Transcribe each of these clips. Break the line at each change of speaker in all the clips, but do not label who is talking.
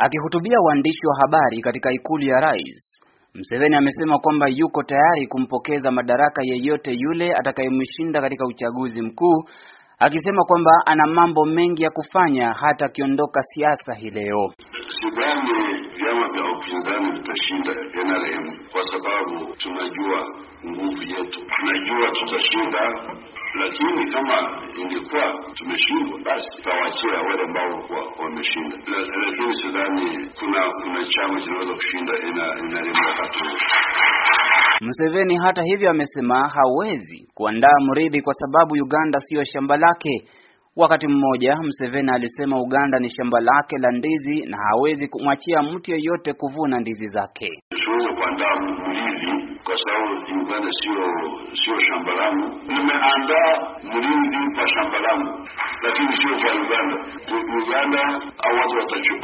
Akihutubia waandishi wa habari katika ikulu ya rais, mseveni amesema kwamba yuko tayari kumpokeza madaraka yeyote yule atakayemshinda katika uchaguzi mkuu, akisema kwamba ana mambo mengi ya kufanya hata akiondoka siasa hii leo
sidhani vyama vya upinzani vitashinda NRM kwa sababu tunajua nguvu yetu, tunajua tutashinda, lakini kama ingekuwa tumeshindwa, basi tutawachia wale ambao wameshinda, lakini sidhani kuna kuna chama kinaweza kushinda NRM wakati huu.
Museveni hata hivyo amesema hawezi kuandaa mridhi kwa sababu Uganda siyo shamba lake. Wakati mmoja mseveni alisema Uganda ni shamba lake la ndizi na hawezi kumwachia mtu yeyote kuvuna ndizi zake.
Siwezi kuandaa mlinzi kwa sababu Uganda sio sio shamba langu. Nimeandaa mlinzi kwa shamba langu, lakini sio kwa Uganda.
Uganda au watu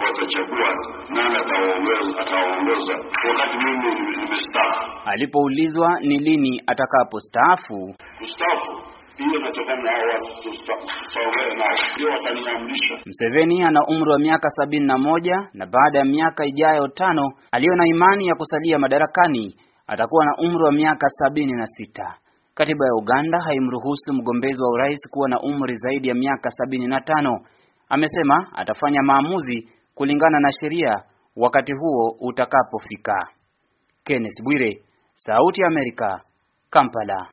watachagua nani atawaongoza, wakati mimi nimestaafu. Alipoulizwa ni lini atakapostaafu,
kustaafu hiyo inatoka na hao
tutaongea
nao, ndio wataniamrisha.
Mseveni ana umri wa miaka sabini na moja na baada ya miaka ijayo tano aliyo na imani ya kusalia madarakani atakuwa na umri wa miaka sabini na sita. Katiba ya Uganda haimruhusu mgombezi wa urais kuwa na umri zaidi ya miaka sabini na tano. Amesema atafanya maamuzi kulingana na sheria wakati huo utakapofika. Kenneth Bwire, Sauti ya Amerika, Kampala.